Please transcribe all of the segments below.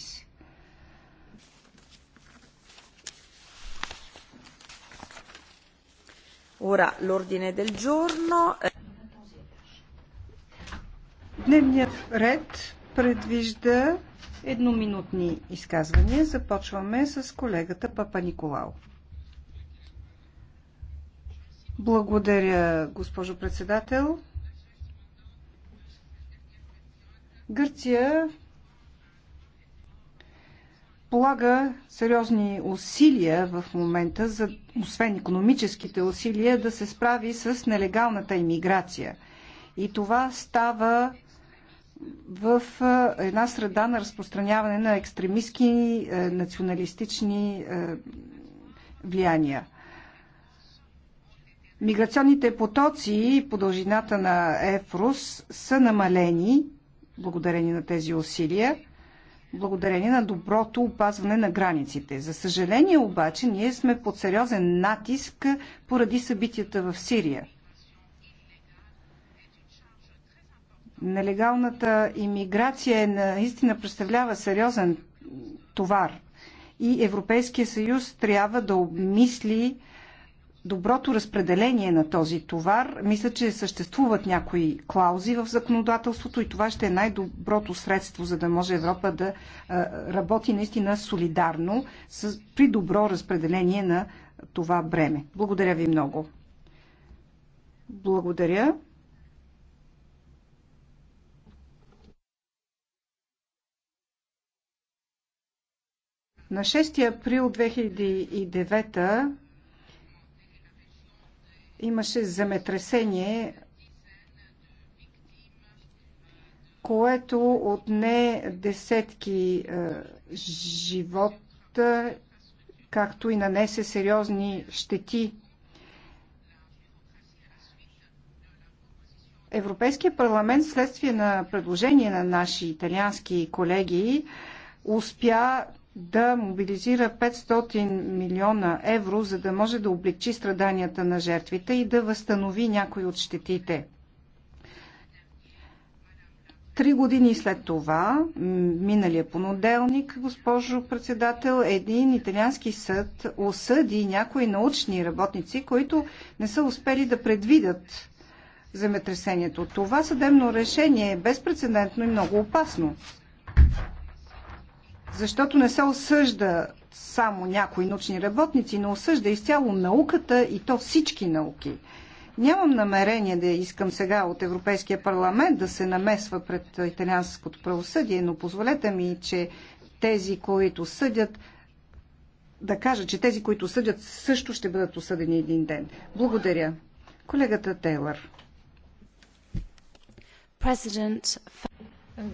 си. Ora l'ordine del giorno. Дневният ред предвижда едноминутни изказвания. Започваме с колегата Папа Николао. Благодаря, госпожо председател. Гърция полага сериозни усилия в момента, за, освен економическите усилия, да се справи с нелегалната иммиграция. И това става в една среда на разпространяване на екстремистски националистични влияния. Миграционните потоци по дължината на Ефрус са намалени благодарение на тези усилия – благодарение на доброто опазване на границите. За съжаление обаче, ние сме под сериозен натиск поради събитията в Сирия. Нелегалната иммиграция е наистина представлява сериозен товар и Европейския съюз трябва да обмисли доброто разпределение на този товар, мисля, че съществуват някои клаузи в законодателството и това ще е най-доброто средство, за да може Европа да е, работи наистина солидарно с, при добро разпределение на това бреме. Благодаря ви много. Благодаря. На 6 април 2009 имаше земетресение, което отне десетки е, живота, както и нанесе сериозни щети Европейския парламент, вследствие на предложение на наши италиански колеги, успя да мобилизира 500 милиона евро, за да може да облегчи страданията на жертвите и да възстанови някои от щетите. Три години след това, миналия понеделник, госпожо председател, един италиански съд осъди някои научни работници, които не са успели да предвидят земетресението. Това съдебно решение е безпредседентно и много опасно защото не се осъжда само някои научни работници, но осъжда изцяло науката и то всички науки. Нямам намерение да искам сега от Европейския парламент да се намесва пред италианското правосъдие, но позволете ми, че тези, които съдят, да кажа, че тези, които съдят, също ще бъдат осъдени един ден. Благодаря. Колегата Тейлър.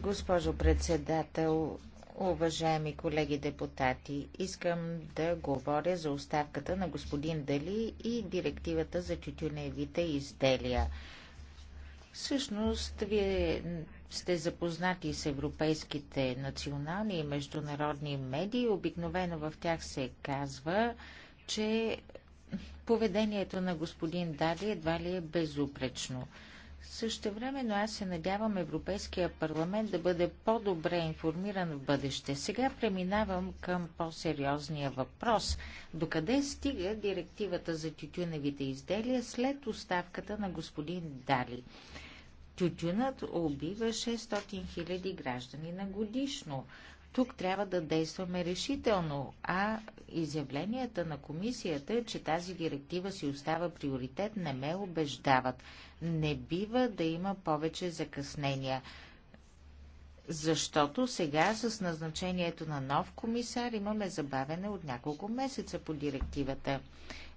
Госпожо председател, Уважаеми колеги депутати, искам да говоря за оставката на господин Дали и директивата за тютюневите изделия. Всъщност, вие сте запознати с европейските национални и международни медии. Обикновено в тях се казва, че поведението на господин Дали едва ли е безупречно. Също времено аз се надявам Европейския парламент да бъде по-добре информиран в бъдеще. Сега преминавам към по-сериозния въпрос. Докъде стига директивата за тютюневите изделия след оставката на господин Дали? Тютюнът убива 600 000 граждани на годишно. Тук трябва да действаме решително, а изявленията на комисията, че тази директива си остава приоритет, не ме убеждават. Не бива да има повече закъснения. Защото сега с назначението на нов комисар имаме забавене от няколко месеца по директивата.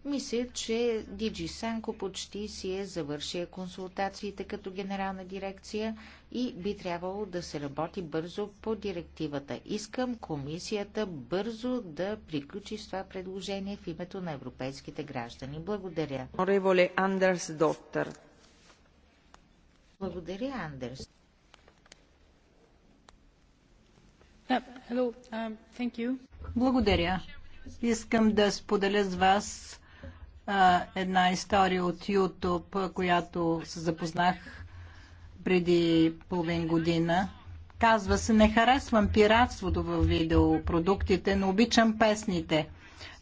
Мисля, че Диджи Санко почти си е завършил консултациите като генерална дирекция и би трябвало да се работи бързо по директивата. Искам комисията бързо да приключи с това предложение в името на европейските граждани. Благодаря. Андерс, доктор. Благодаря, Андерс. Um, Благодаря. Искам да споделя с вас една история от YouTube, която се запознах преди половин година. Казва се, не харесвам пиратството в видеопродуктите, но обичам песните.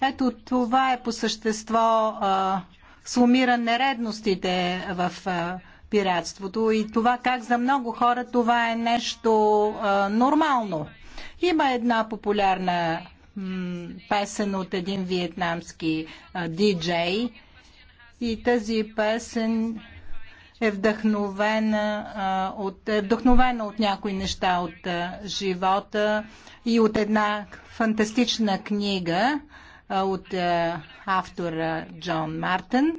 Ето това е по същество а, сумира нередностите в а, пиратството и това как за много хора това е нещо а, нормално. Има една популярна песен от един виетнамски диджей и тази песен е вдъхновена а, от, е вдъхновена от някои неща от а, живота и от една фантастична книга а, от а, автора Джон Мартин.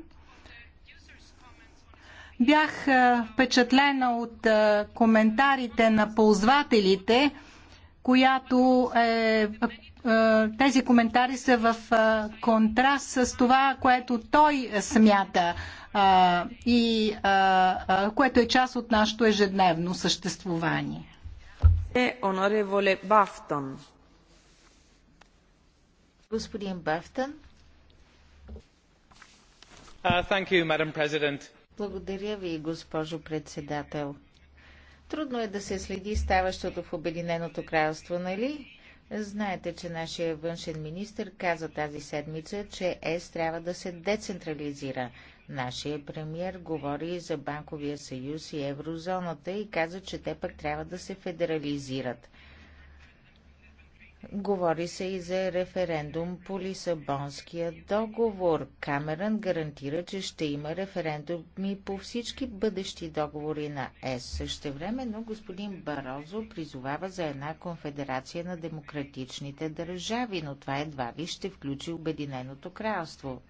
Бях а, впечатлена от а, коментарите на ползвателите, която е тези коментари са в контраст с това, което той смята а, и, а, а, което е част от нашето ежедневно съществувание. Е, онореволе Бафтон. Господин Бафтон. Uh, you, Благодаря ви, госпожо председател. Трудно е да се следи ставащото в Обединеното кралство, нали? Знаете, че нашия външен министр каза тази седмица, че ЕС трябва да се децентрализира. Нашия премьер говори за Банковия съюз и еврозоната и каза, че те пък трябва да се федерализират. Говори се и за референдум по Лисабонския договор. Камерън гарантира, че ще има референдуми по всички бъдещи договори на ЕС. също време, но господин Барозо призовава за една конфедерация на демократичните държави, но това едва ли ще включи Обединеното кралство.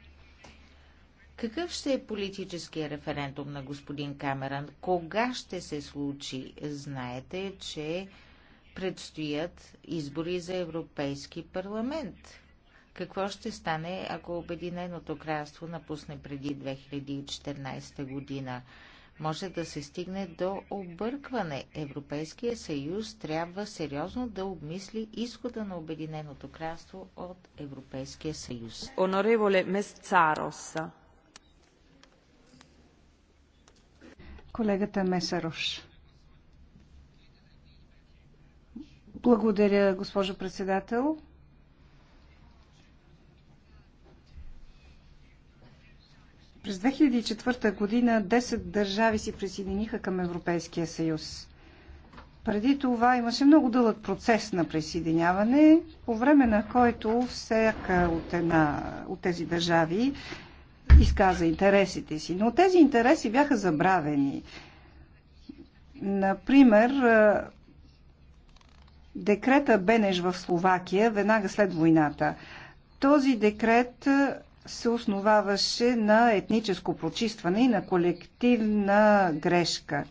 Какъв ще е политическия референдум на господин Камеран? Кога ще се случи? Знаете, че предстоят избори за Европейски парламент. Какво ще стане, ако Обединеното кралство напусне преди 2014 година? Може да се стигне до объркване. Европейския съюз трябва сериозно да обмисли изхода на Обединеното кралство от Европейския съюз. Онореволе Месцарос. Колегата Месарош. Благодаря, госпожо председател. През 2004 година 10 държави си присъединиха към Европейския съюз. Преди това имаше много дълъг процес на присъединяване, по време на който всяка от, една, от тези държави изказа интересите си. Но тези интереси бяха забравени. Например, декрета Бенеж в Словакия веднага след войната. Този декрет се основаваше на етническо прочистване и на колективна грешка.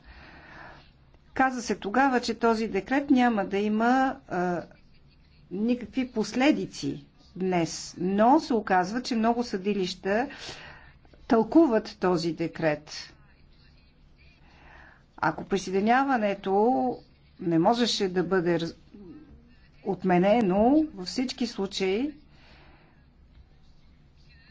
Каза се тогава, че този декрет няма да има а, никакви последици днес, но се оказва, че много съдилища тълкуват този декрет. Ако присъединяването не можеше да бъде отменено, във всички случаи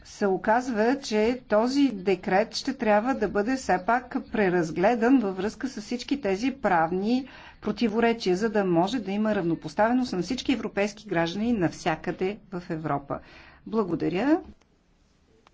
се оказва, че този декрет ще трябва да бъде все пак преразгледан във връзка с всички тези правни противоречия, за да може да има равнопоставеност на всички европейски граждани навсякъде в Европа. Благодаря.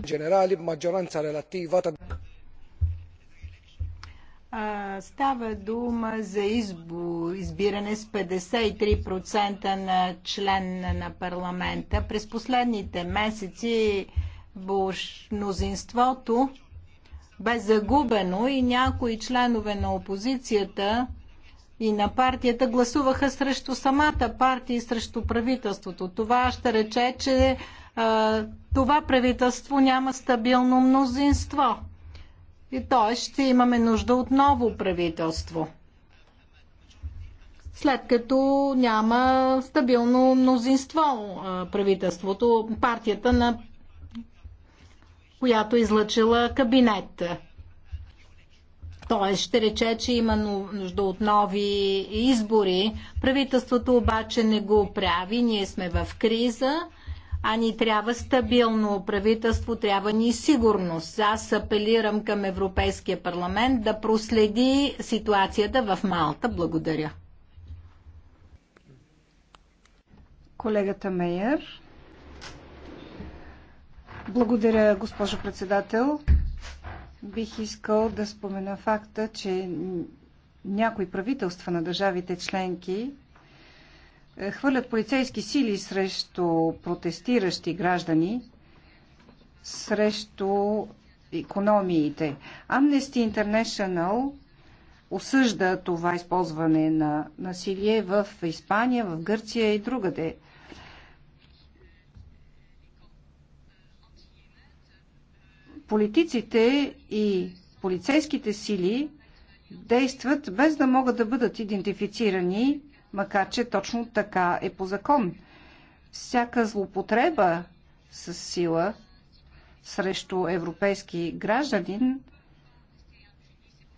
Генерали б'маġġоранza релатива Става дума за избо, избиране с 53% на член на парламента. През последните месеци мнозинството бе загубено и някои членове на опозицията и на партията гласуваха срещу самата партия и срещу правителството. Това ще рече, че това правителство няма стабилно мнозинство. И т.е. ще имаме нужда от ново правителство. След като няма стабилно мнозинство правителството, партията на която е излъчила кабинет. Той ще рече, че има нужда от нови избори. Правителството обаче не го прави. Ние сме в криза а ни трябва стабилно правителство, трябва ни сигурност. Аз апелирам към Европейския парламент да проследи ситуацията в Малта. Благодаря. Колегата Мейер. Благодаря, госпожо председател. Бих искал да спомена факта, че някои правителства на държавите членки е, хвърлят полицейски сили срещу протестиращи граждани, срещу економиите. Amnesty International осъжда това използване на насилие в Испания, в Гърция и другаде. Политиците и полицейските сили действат без да могат да бъдат идентифицирани макар че точно така е по закон. Всяка злоупотреба с сила срещу европейски гражданин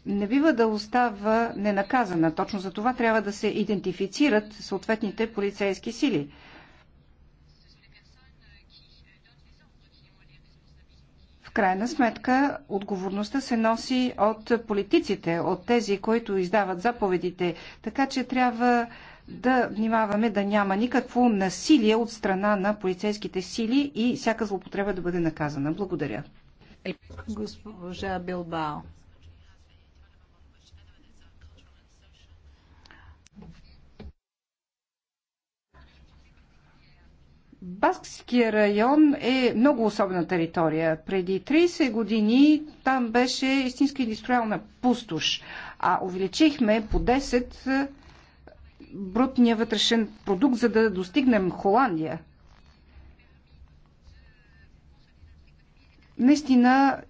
не бива да остава ненаказана. Точно за това трябва да се идентифицират съответните полицейски сили. В крайна сметка, отговорността се носи от политиците, от тези, които издават заповедите, така че трябва да внимаваме да няма никакво насилие от страна на полицейските сили и всяка злопотреба да бъде наказана. Благодаря. Госпожа Билбао. Баскския район е много особена територия. Преди 30 години там беше истинска индустриална пустош, а увеличихме по 10 е, брутния вътрешен продукт, за да достигнем Холандия. Наистина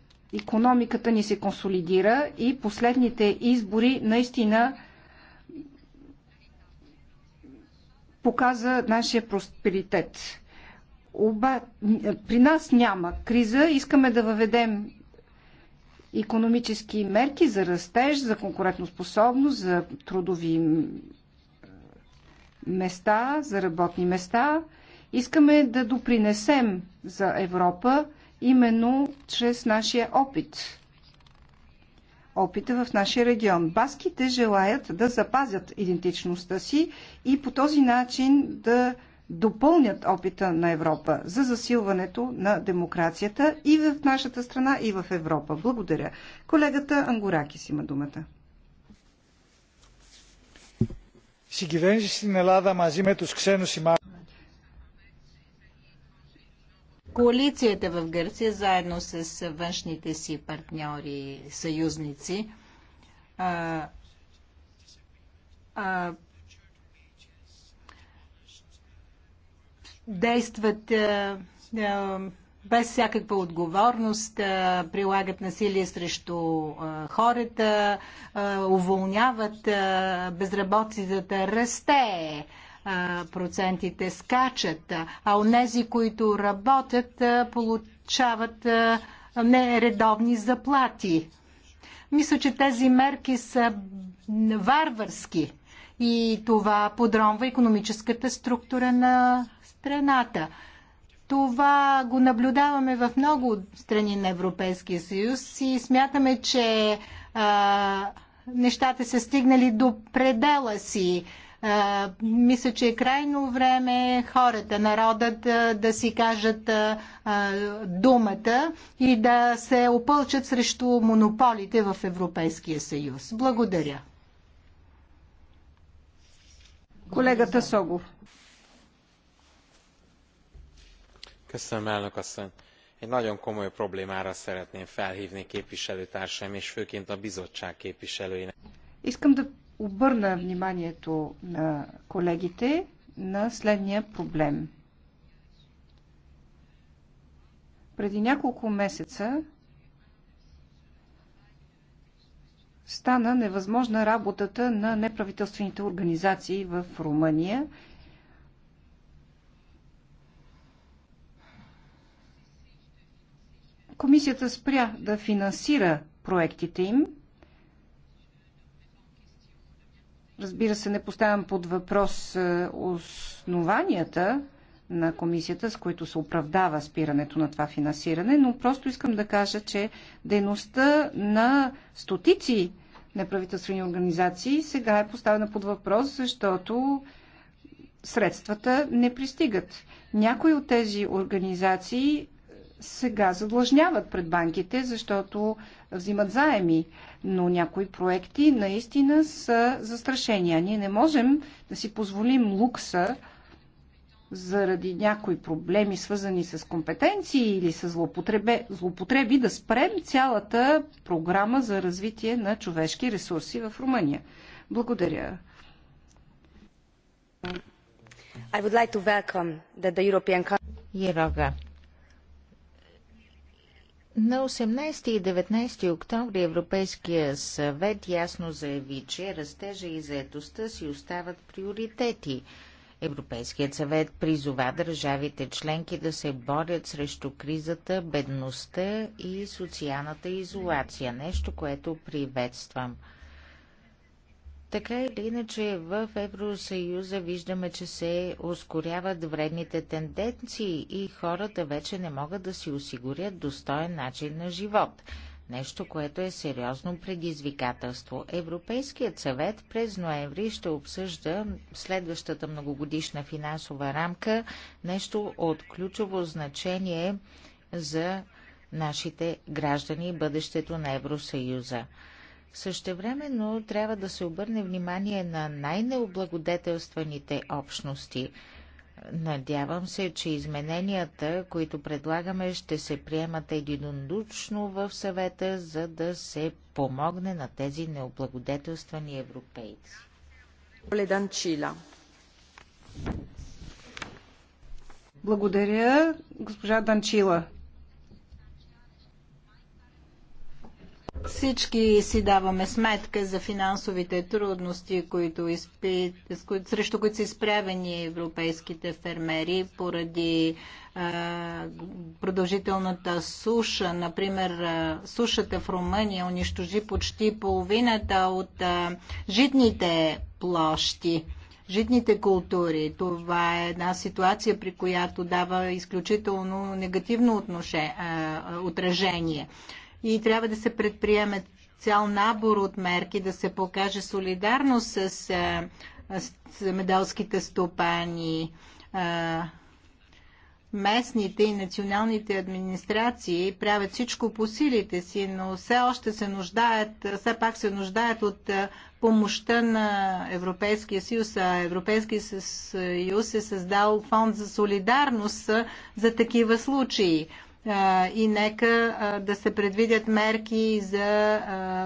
економиката ни се консолидира и последните избори наистина показа нашия просперитет. Оба, при нас няма криза. Искаме да въведем економически мерки за растеж, за конкурентоспособност, за трудови места, за работни места. Искаме да допринесем за Европа именно чрез нашия опит. Опита в нашия регион. Баските желаят да запазят идентичността си и по този начин да допълнят опита на Европа за засилването на демокрацията и в нашата страна, и в Европа. Благодаря. Колегата Ангоракис има думата. Συγκυβέρνηση στην Ελλάδα μαζί με τους ξένους συμμάχους. Коалицията в Гърция, заедно с външните си партньори, съюзници, а, а, действат е, е, без всякаква отговорност, е, прилагат насилие срещу хората, уволняват, безработицата расте, процентите скачат, а онези, които работят, получават нередовни заплати. Мисля, че тези мерки са варварски и това подронва економическата структура на страната. Това го наблюдаваме в много страни на Европейския съюз и смятаме, че а, нещата са стигнали до предела си. А, мисля, че е крайно време хората, народът да си кажат а, думата и да се опълчат срещу монополите в Европейския съюз. Благодаря. Колегата Согов. egy nagyon komoly problémára szeretném felhvni képviselőtársaim és főként a bizottság képviselőinek Искам да обърна вниманието на колегите на следния проблем. Преди няколко месеца стана невъзможна работата на неправителствените организации в Румъния Комисията спря да финансира проектите им. Разбира се, не поставям под въпрос е, основанията на комисията, с които се оправдава спирането на това финансиране, но просто искам да кажа, че дейността на стотици неправителствени организации сега е поставена под въпрос, защото средствата не пристигат. Някои от тези организации сега задлъжняват пред банките, защото взимат заеми. Но някои проекти наистина са застрашени. ние не можем да си позволим лукса заради някои проблеми, свързани с компетенции или с злоупотреби, да спрем цялата програма за развитие на човешки ресурси в Румъния. Благодаря. I would like to welcome that the European... Council. На 18 и 19 октомври Европейския съвет ясно заяви, че растежа и заетостта си остават приоритети. Европейският съвет призова държавите членки да се борят срещу кризата, бедността и социалната изолация, нещо, което приветствам – така или иначе в Евросъюза виждаме, че се ускоряват вредните тенденции и хората вече не могат да си осигурят достоен начин на живот. Нещо, което е сериозно предизвикателство. Европейският съвет през ноември ще обсъжда следващата многогодишна финансова рамка, нещо от ключово значение за нашите граждани и бъдещето на Евросъюза. Същевременно трябва да се обърне внимание на най-необлагодетелстваните общности. Надявам се, че измененията, които предлагаме, ще се приемат единодушно в съвета, за да се помогне на тези необлагодетелствани европейци. Благодаря, госпожа Данчила. Всички си даваме сметка за финансовите трудности, които изпи... срещу които са изправени европейските фермери поради а, продължителната суша. Например, сушата в Румъния унищожи почти половината от а, житните площи житните култури. Това е една ситуация, при която дава изключително негативно отношение, отражение и трябва да се предприеме цял набор от мерки, да се покаже солидарност с земеделските стопани, местните и националните администрации правят всичко по силите си, но все още се нуждаят, все пак се нуждаят от помощта на Европейския съюз. А Европейския съюз е създал фонд за солидарност за такива случаи и нека да се предвидят мерки за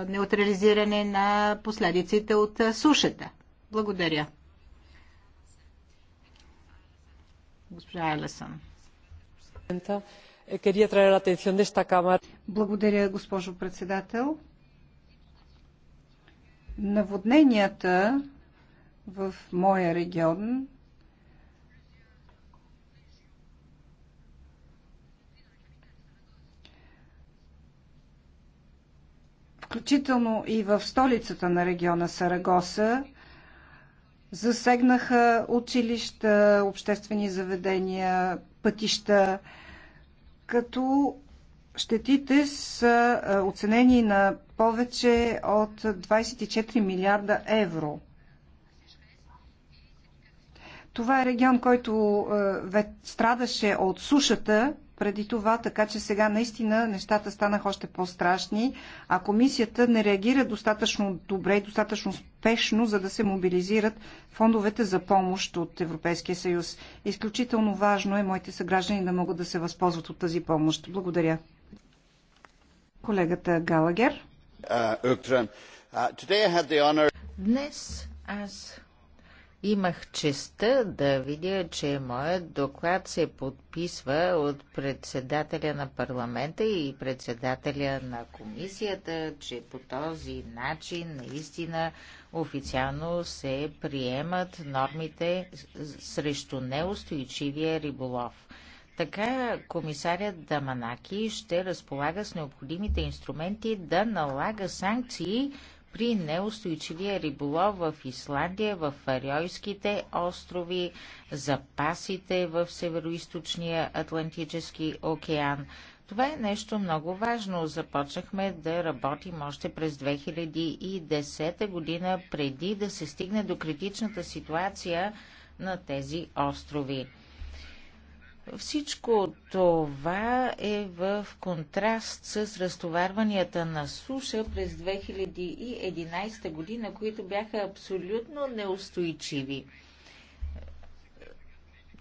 неутрализиране на последиците от сушата. Благодаря. Госпожа Елесън. Благодаря, госпожо председател. Наводненията в моя регион включително и в столицата на региона Сарагоса, засегнаха училища, обществени заведения, пътища, като щетите са оценени на повече от 24 милиарда евро. Това е регион, който е, страдаше от сушата преди това, така че сега наистина нещата станаха още по-страшни, а комисията не реагира достатъчно добре и достатъчно спешно, за да се мобилизират фондовете за помощ от Европейския съюз. Изключително важно е моите съграждани да могат да се възползват от тази помощ. Благодаря. Колегата Галагер. Uh, uh, Днес аз Имах честа да видя, че моят доклад се подписва от председателя на парламента и председателя на комисията, че по този начин наистина официално се приемат нормите срещу неустойчивия риболов. Така комисарят Даманаки ще разполага с необходимите инструменти да налага санкции при неустойчивия риболов в Исландия, в Фариойските острови, запасите в Североизточния Атлантически океан. Това е нещо много важно. Започнахме да работим още през 2010 година, преди да се стигне до критичната ситуация на тези острови. Всичко това е в контраст с разтоварванията на суша през 2011 година, които бяха абсолютно неустойчиви.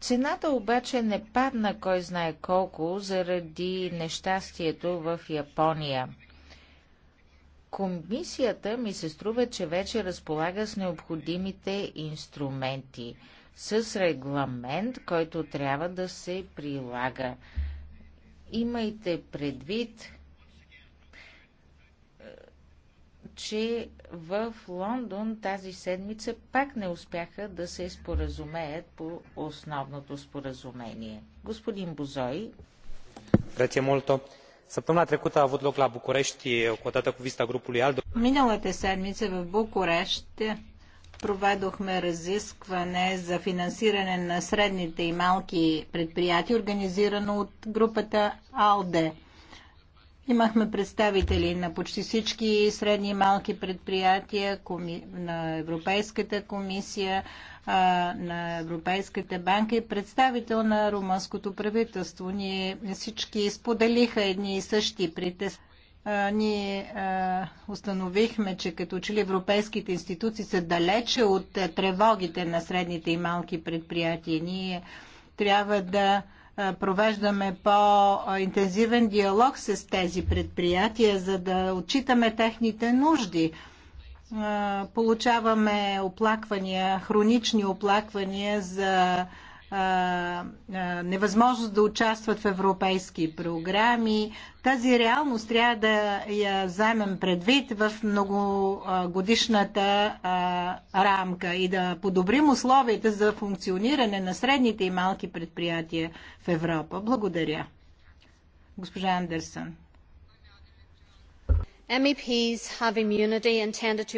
Цената обаче не падна кой знае колко заради нещастието в Япония. Комисията ми се струва, че вече разполага с необходимите инструменти – с регламент, който трябва да се прилага. Имайте предвид, че в Лондон тази седмица пак не успяха да се споразумеят по основното споразумение. Господин Бозой. Grazie молто. Săptămâna трекута в avut loc la București, odată cu Миналата седмица в Букурещ проведохме разискване за финансиране на средните и малки предприятия, организирано от групата АЛДЕ. Имахме представители на почти всички средни и малки предприятия, на Европейската комисия, на Европейската банка и представител на румънското правителство. Ние всички споделиха едни и същи притеснения ние установихме, че като че ли европейските институции са далече от е, тревогите на средните и малки предприятия. Ние трябва да провеждаме по-интензивен диалог с тези предприятия, за да отчитаме техните нужди. Получаваме оплаквания, хронични оплаквания за невъзможност да участват в европейски програми. Тази реалност трябва да я вземем предвид в многогодишната рамка и да подобрим условията за функциониране на средните и малки предприятия в Европа. Благодаря. Госпожа Андерсън. MEPs have immunity intended to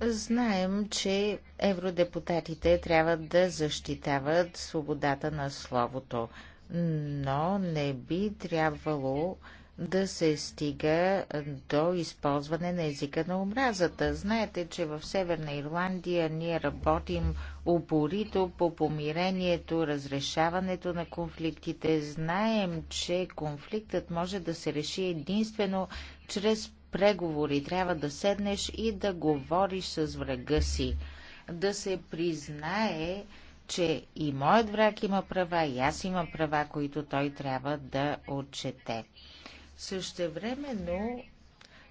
Знаем, че евродепутатите трябва да защитават свободата на словото, но не би трябвало да се стига до използване на езика на омразата. Знаете, че в Северна Ирландия ние работим упорито по помирението, разрешаването на конфликтите. Знаем, че конфликтът може да се реши единствено чрез преговори. Трябва да седнеш и да говориш с врага си. Да се признае, че и моят враг има права, и аз имам права, които той трябва да отчете. Същевременно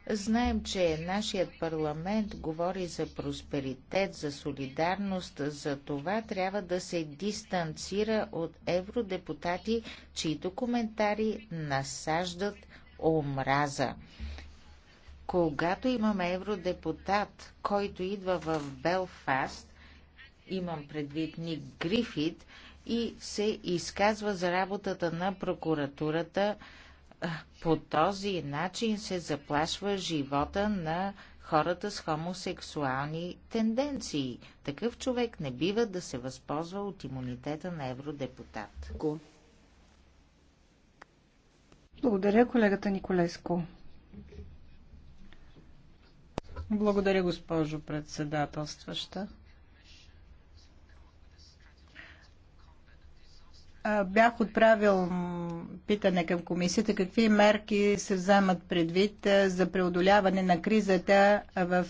знаем, че нашият парламент говори за просперитет, за солидарност, за това трябва да се дистанцира от евродепутати, чието коментари насаждат омраза. Когато имаме евродепутат, който идва в Белфаст, имам предвид Ник Грифит, и се изказва за работата на прокуратурата, по този начин се заплашва живота на хората с хомосексуални тенденции. Такъв човек не бива да се възползва от имунитета на евродепутат. Благодаря, колегата Николеско. Благодаря, госпожо председателстваща. Бях отправил питане към комисията какви мерки се вземат предвид за преодоляване на кризата в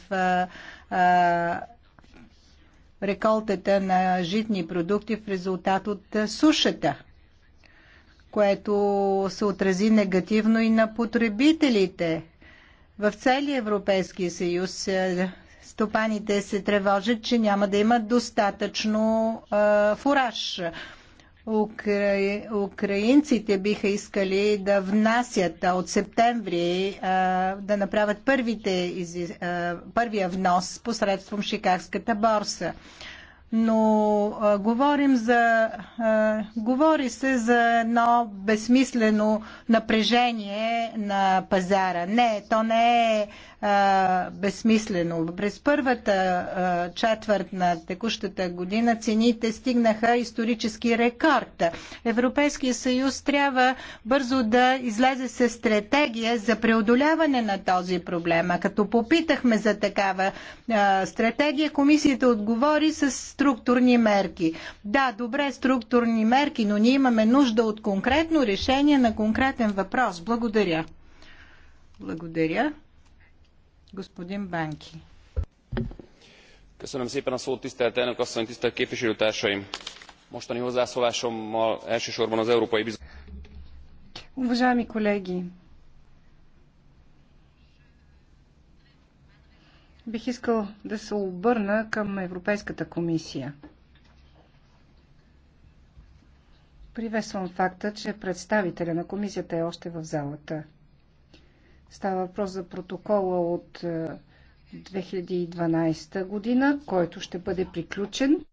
реколтата на житни продукти в резултат от сушата, което се отрази негативно и на потребителите в целия Европейски съюз е, стопаните се тревожат, че няма да имат достатъчно а, е, фураж. Укра... Украинците биха искали да внасят от септември а, е, да направят първите, а, първия внос посредством шикарската борса но а, говорим за, а, говори се за едно безсмислено напрежение на пазара. Не, то не е безсмислено. През първата четвърт на текущата година цените стигнаха исторически рекорд. Европейския съюз трябва бързо да излезе с стратегия за преодоляване на този проблем. А като попитахме за такава стратегия, комисията отговори с структурни мерки. Да, добре, структурни мерки, но ние имаме нужда от конкретно решение на конкретен въпрос. Благодаря. Благодаря tisztelt elnök asszony, tisztelt képviselőtársaim! Mostani hozzászólásommal elsősorban az Európai Bizottság. Уважаеми колеги, бих искал да се обърна към Европейската комисия. Приветствам факта, че представителя на комисията е още в залата. Става въпрос за протокола от 2012 е, година, който ще бъде приключен.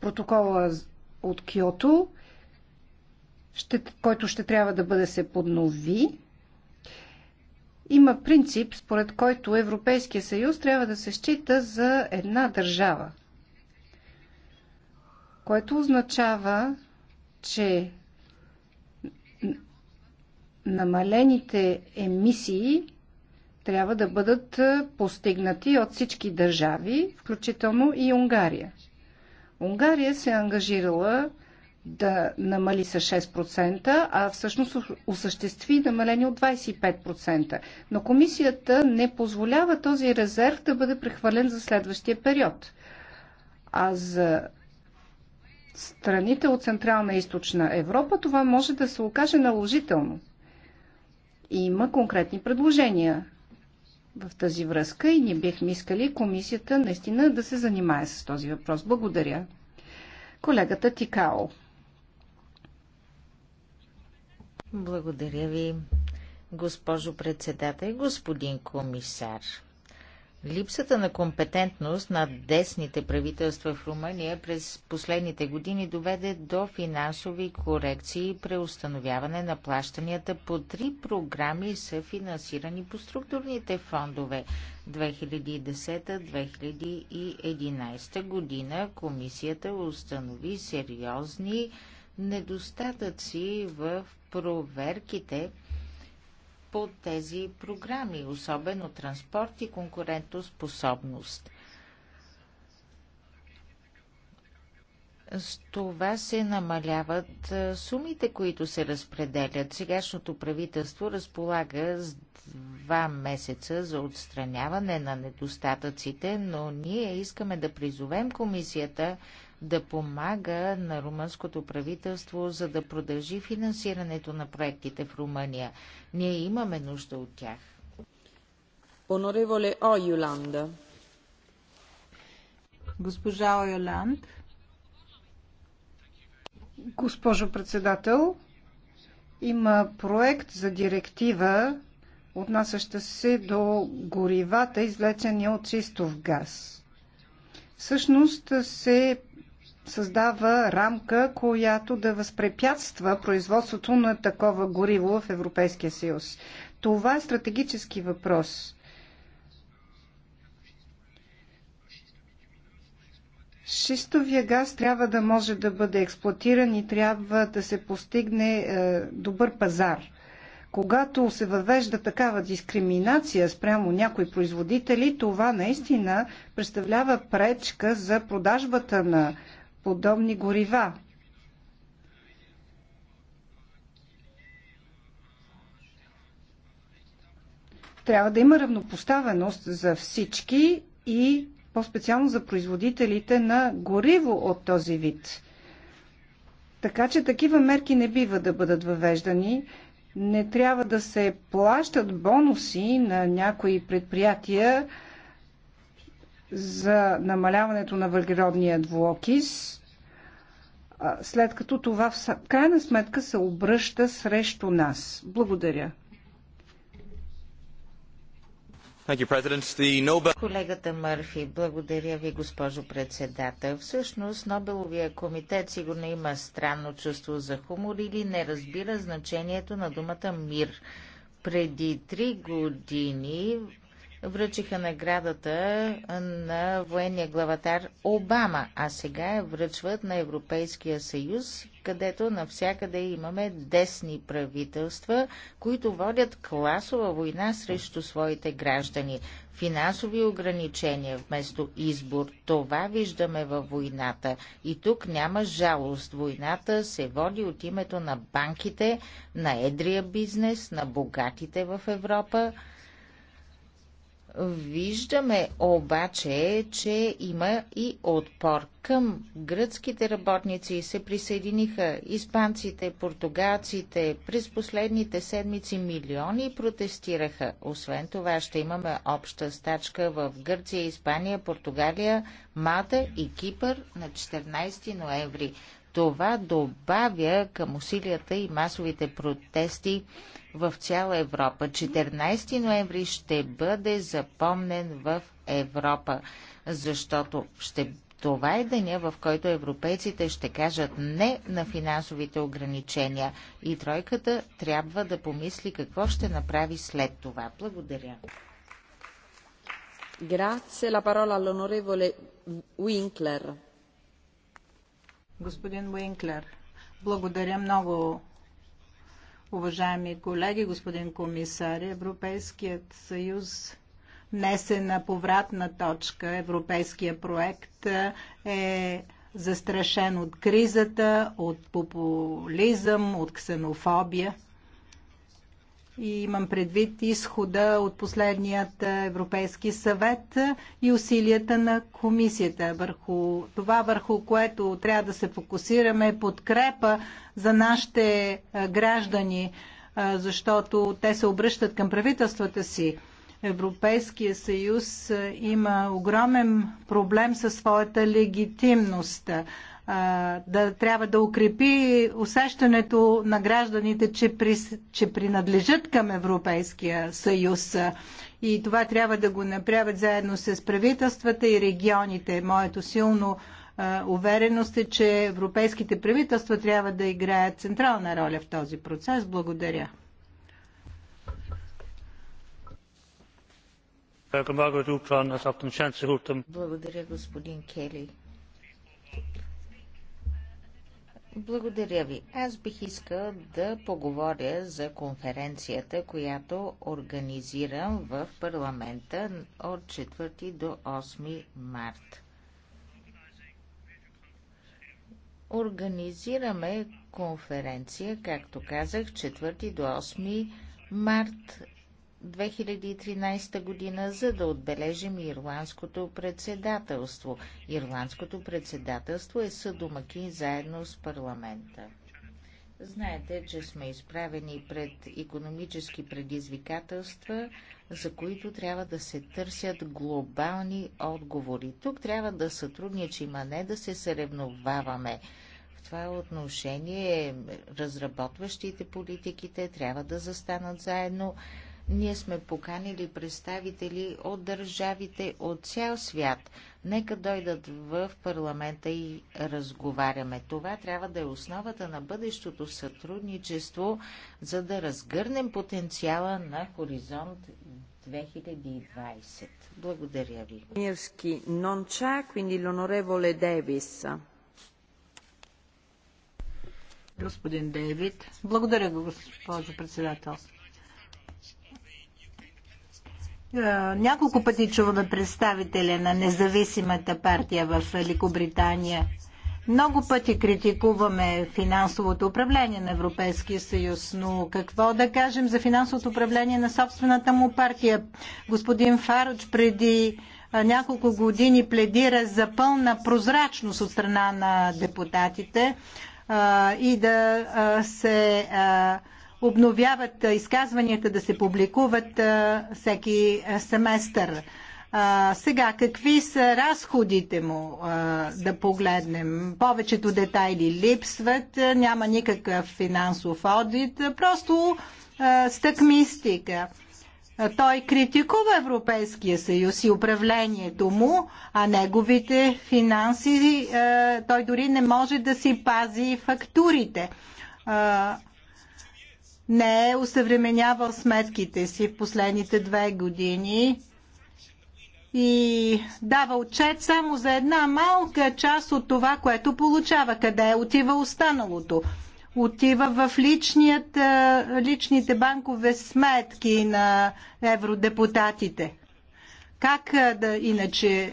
Протокола от Киото, ще, който ще трябва да бъде се поднови. Има принцип, според който Европейския съюз трябва да се счита за една държава, което означава, че намалените емисии трябва да бъдат постигнати от всички държави, включително и Унгария. Унгария се е ангажирала да намали с 6%, а всъщност осъществи намаление от 25%. Но комисията не позволява този резерв да бъде прехвърлен за следващия период. А за страните от Централна и Източна Европа това може да се окаже наложително има конкретни предложения в тази връзка и ние бихме искали комисията наистина да се занимае с този въпрос. Благодаря. Колегата Тикао. Благодаря ви, госпожо председател, господин комисар. Липсата на компетентност на десните правителства в Румъния през последните години доведе до финансови корекции и преустановяване на плащанията по три програми са финансирани по структурните фондове 2010-2011 година. Комисията установи сериозни недостатъци в проверките – по тези програми, особено транспорт и конкурентоспособност. С това се намаляват сумите, които се разпределят. Сегашното правителство разполага с два месеца за отстраняване на недостатъците, но ние искаме да призовем комисията да помага на румънското правителство, за да продължи финансирането на проектите в Румъния. Ние имаме нужда от тях. Онореволе Ойоланда. Госпожа Ойоланд. Госпожо председател, има проект за директива отнасяща се до горивата, излечени от чистов газ. Всъщност се създава рамка, която да възпрепятства производството на такова гориво в Европейския съюз. Това е стратегически въпрос. Шистовия газ трябва да може да бъде експлуатиран и трябва да се постигне е, добър пазар – когато се въвежда такава дискриминация спрямо някои производители, това наистина представлява пречка за продажбата на подобни горива. Трябва да има равнопоставеност за всички и по-специално за производителите на гориво от този вид. Така че такива мерки не бива да бъдат въвеждани не трябва да се плащат бонуси на някои предприятия за намаляването на въглеродния двуокис, след като това в крайна сметка се обръща срещу нас. Благодаря. Колегата Мърфи, благодаря ви, госпожо председател. Всъщност, Нобеловия комитет сигурно има странно чувство за хумор или не разбира значението на думата мир. Преди три години връчиха наградата на военния главатар Обама, а сега я връчват на Европейския съюз, където навсякъде имаме десни правителства, които водят класова война срещу своите граждани. Финансови ограничения вместо избор. Това виждаме във войната. И тук няма жалост. Войната се води от името на банките, на едрия бизнес, на богатите в Европа, Виждаме обаче, че има и отпор към гръцките работници. Се присъединиха испанците, португалците. През последните седмици милиони протестираха. Освен това ще имаме обща стачка в Гърция, Испания, Португалия, Мата и Кипър на 14 ноември. Това добавя към усилията и масовите протести в цяла Европа. 14 ноември ще бъде запомнен в Европа, защото ще това е деня, в който европейците ще кажат не на финансовите ограничения и тройката трябва да помисли какво ще направи след това. Благодаря. Grazie, la parola all'onorevole Winkler. Господин Уинклер, благодаря много, уважаеми колеги, господин комисар. Европейският съюз днес е на повратна точка. Европейския проект е застрашен от кризата, от популизъм, от ксенофобия и имам предвид изхода от последният Европейски съвет и усилията на комисията върху това, върху което трябва да се фокусираме, подкрепа за нашите граждани, защото те се обръщат към правителствата си. Европейския съюз има огромен проблем със своята легитимност да трябва да укрепи усещането на гражданите, че, при, че принадлежат към Европейския съюз. И това трябва да го направят заедно с правителствата и регионите. Моето силно а, увереност е, че европейските правителства трябва да играят централна роля в този процес. Благодаря. Благодаря, господин Кели. Благодаря ви. Аз бих искал да поговоря за конференцията, която организирам в парламента от 4 до 8 март. Организираме конференция, както казах, 4 до 8 март 2013 година, за да отбележим ирландското председателство. Ирландското председателство е съдомакин заедно с парламента. Знаете, че сме изправени пред економически предизвикателства, за които трябва да се търсят глобални отговори. Тук трябва да сътрудничим, а не да се съревноваваме. В това отношение разработващите политиките трябва да застанат заедно, ние сме поканили представители от държавите от цял свят. Нека дойдат в парламента и разговаряме. Това трябва да е основата на бъдещото сътрудничество, за да разгърнем потенциала на Хоризонт 2020. Благодаря ви. Мирски non c'è, quindi l'onorevole Господин Дейвид. Благодаря, госпожо председател. Е, няколко пъти чуваме представителя на независимата партия в Великобритания. Много пъти критикуваме финансовото управление на Европейския съюз, но какво да кажем за финансовото управление на собствената му партия? Господин Фароч преди е, няколко години пледира за пълна прозрачност от страна на депутатите е, и да се обновяват изказванията, да се публикуват всеки семестър. А, сега, какви са разходите му а, да погледнем? Повечето детайли липсват, няма никакъв финансов одит, просто а, стъкмистика. Той критикува Европейския съюз и управлението му, а неговите финанси, а, той дори не може да си пази фактурите. А, не е усъвременявал сметките си в последните две години и дава отчет само за една малка част от това, което получава. Къде е отива останалото? Отива в личният, е, личните банкове сметки на евродепутатите. Как е, да, иначе е,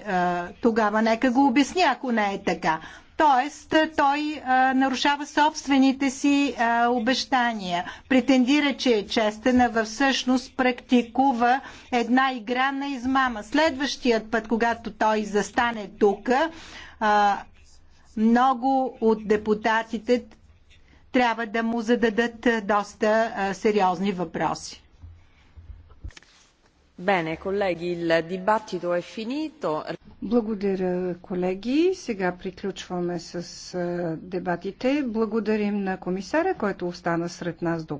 тогава нека го обясня, ако не е така. Тоест, той а, нарушава собствените си а, обещания. Претендира, че е честен, а във всъщност практикува една игра на измама. Следващият път, когато той застане тук, а, много от депутатите трябва да му зададат доста а, сериозни въпроси колеги, Благодаря, колеги. Сега приключваме с е, дебатите. Благодарим на комисаря, който остана сред нас до